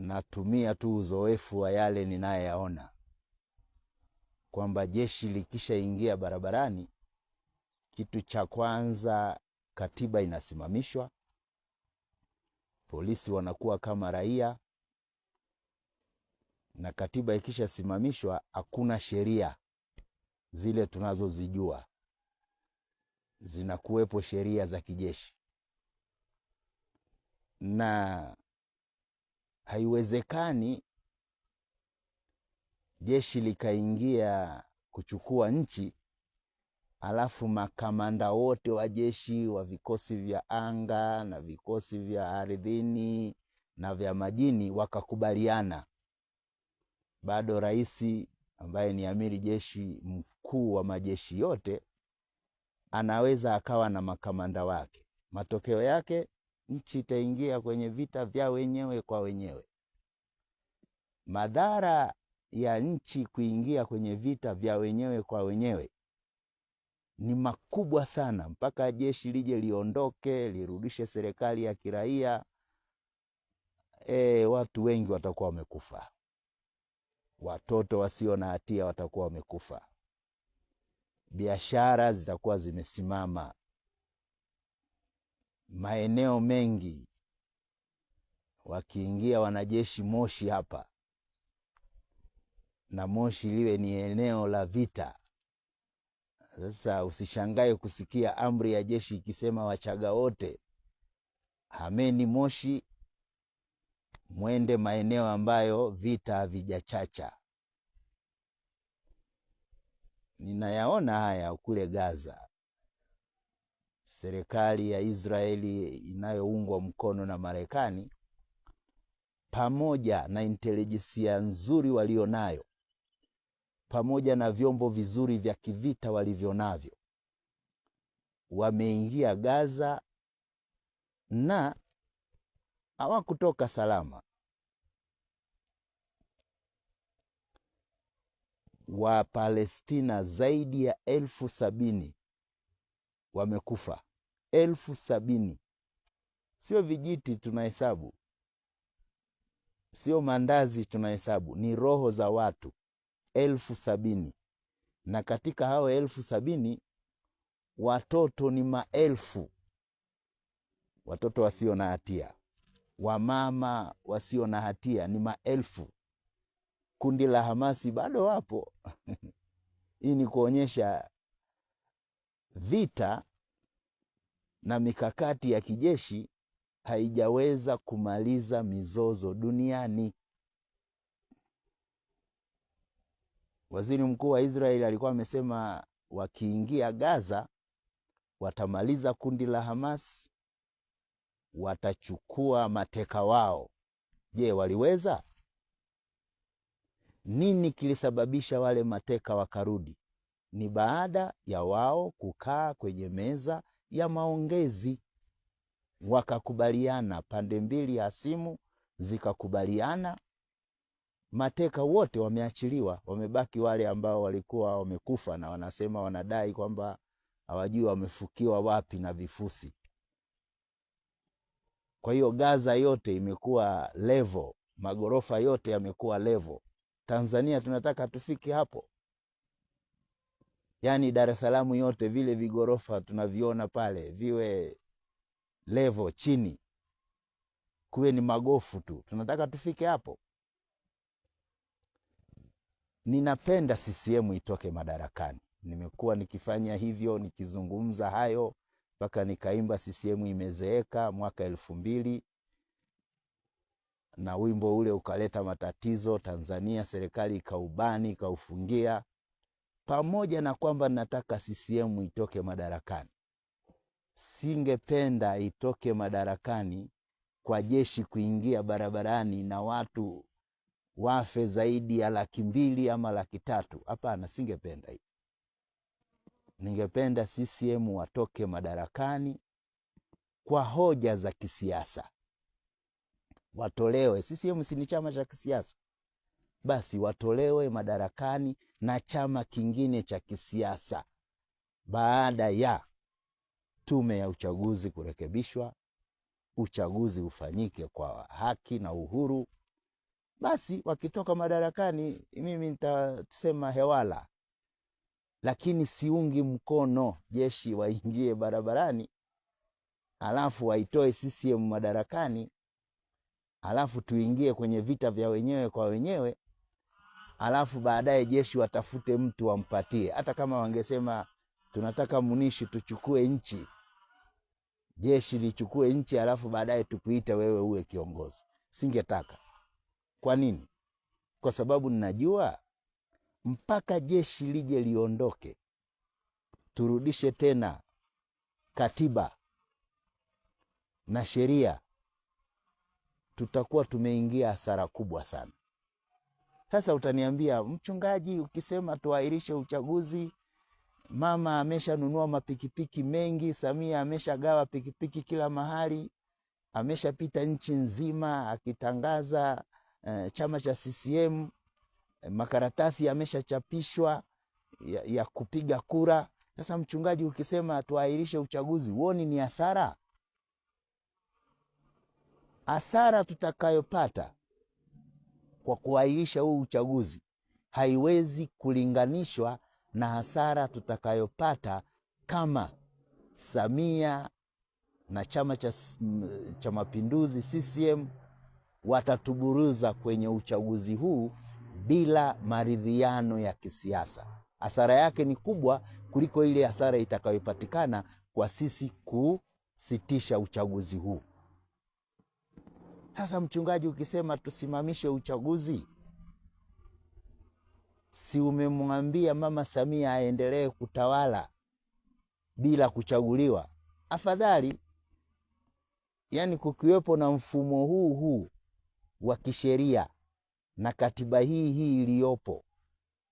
natumia tu uzoefu wa yale ninayoyaona kwamba jeshi likishaingia barabarani, kitu cha kwanza, katiba inasimamishwa, polisi wanakuwa kama raia, na katiba ikishasimamishwa, hakuna sheria zile tunazozijua, zinakuwepo sheria za kijeshi na haiwezekani jeshi likaingia kuchukua nchi alafu makamanda wote wa jeshi wa vikosi vya anga na vikosi vya ardhini na vya majini wakakubaliana. Bado rais ambaye ni amiri jeshi mkuu wa majeshi yote anaweza akawa na makamanda wake. Matokeo yake nchi itaingia kwenye vita vya wenyewe kwa wenyewe. Madhara ya nchi kuingia kwenye vita vya wenyewe kwa wenyewe ni makubwa sana, mpaka jeshi lije liondoke, lirudishe serikali ya kiraia. E, watu wengi watakuwa wamekufa, watoto wasio na hatia watakuwa wamekufa, biashara zitakuwa zimesimama, maeneo mengi. Wakiingia wanajeshi Moshi hapa na Moshi liwe ni eneo la vita. Sasa usishangae kusikia amri ya jeshi ikisema, Wachaga wote hameni Moshi, mwende maeneo ambayo vita havijachacha. Ninayaona haya kule Gaza, serikali ya Israeli inayoungwa mkono na Marekani pamoja na intelijensia nzuri walionayo pamoja na vyombo vizuri vya kivita walivyonavyo, wameingia Gaza na hawakutoka salama. Wapalestina zaidi ya elfu sabini wamekufa elfu sabini. Sio vijiti tunahesabu, sio mandazi tunahesabu, ni roho za watu elfu sabini. Na katika hao elfu sabini watoto ni maelfu, watoto wasio na hatia, wamama wasio na hatia ni maelfu. Kundi la Hamasi bado wapo. Hii ni kuonyesha vita na mikakati ya kijeshi haijaweza kumaliza mizozo duniani. Waziri mkuu wa Israeli alikuwa amesema wakiingia Gaza watamaliza kundi la Hamas, watachukua mateka wao. Je, waliweza? Nini kilisababisha wale mateka wakarudi? Ni baada ya wao kukaa kwenye meza ya maongezi, wakakubaliana, pande mbili ya simu zikakubaliana, mateka wote wameachiliwa, wamebaki wale ambao walikuwa wamekufa, na wanasema wanadai kwamba hawajui wamefukiwa wapi na vifusi. Kwa hiyo Gaza yote imekuwa levo, magorofa yote yamekuwa levo. Tanzania tunataka tufike hapo? yani Dar es Salaam yote vile vigorofa tunaviona pale viwe levo chini, kuwe ni magofu tu. Tunataka tufike hapo. Ninapenda CCM itoke madarakani. Nimekuwa nikifanya hivyo, nikizungumza hayo mpaka nikaimba CCM imezeeka mwaka elfu mbili na wimbo ule ukaleta matatizo Tanzania, serikali ikaubani ikaufungia pamoja na kwamba nataka CCM itoke madarakani, singependa itoke madarakani kwa jeshi kuingia barabarani na watu wafe zaidi ya laki mbili ama laki tatu. Hapana, singependa hiyo. Ningependa CCM watoke madarakani kwa hoja za kisiasa, watolewe. CCM si ni chama cha kisiasa, basi watolewe madarakani na chama kingine cha kisiasa baada ya tume ya uchaguzi kurekebishwa, uchaguzi ufanyike kwa haki na uhuru. Basi wakitoka madarakani, mimi nitasema hewala, lakini siungi mkono jeshi waingie barabarani alafu waitoe CCM madarakani alafu tuingie kwenye vita vya wenyewe kwa wenyewe alafu baadaye jeshi watafute mtu wampatie. Hata kama wangesema tunataka munishi tuchukue nchi, jeshi lichukue nchi, alafu baadaye tukuita wewe uwe kiongozi, singetaka. Kwa nini? Kwa sababu ninajua mpaka jeshi lije liondoke, turudishe tena katiba na sheria, tutakuwa tumeingia hasara kubwa sana. Sasa utaniambia mchungaji, ukisema tuahirishe uchaguzi, mama ameshanunua mapikipiki mengi, Samia ameshagawa pikipiki kila mahali, ameshapita nchi nzima akitangaza eh, chama cha CCM, eh, makaratasi yameshachapishwa ya, ya kupiga kura. Sasa mchungaji, ukisema tuahirishe uchaguzi, uoni ni hasara? Hasara tutakayopata kwa kuahirisha huu uchaguzi haiwezi kulinganishwa na hasara tutakayopata kama Samia na chama cha, cha Mapinduzi CCM watatuburuza kwenye uchaguzi huu bila maridhiano ya kisiasa. Hasara yake ni kubwa kuliko ile hasara itakayopatikana kwa sisi kusitisha uchaguzi huu. Sasa mchungaji, ukisema tusimamishe uchaguzi, si umemwambia Mama Samia aendelee kutawala bila kuchaguliwa? Afadhali yani, kukiwepo na mfumo huu huu wa kisheria na katiba hii hii iliyopo,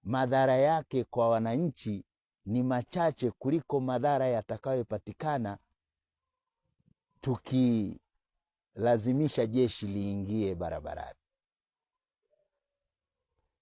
madhara yake kwa wananchi ni machache kuliko madhara yatakayopatikana tuki lazimisha jeshi liingie barabarani.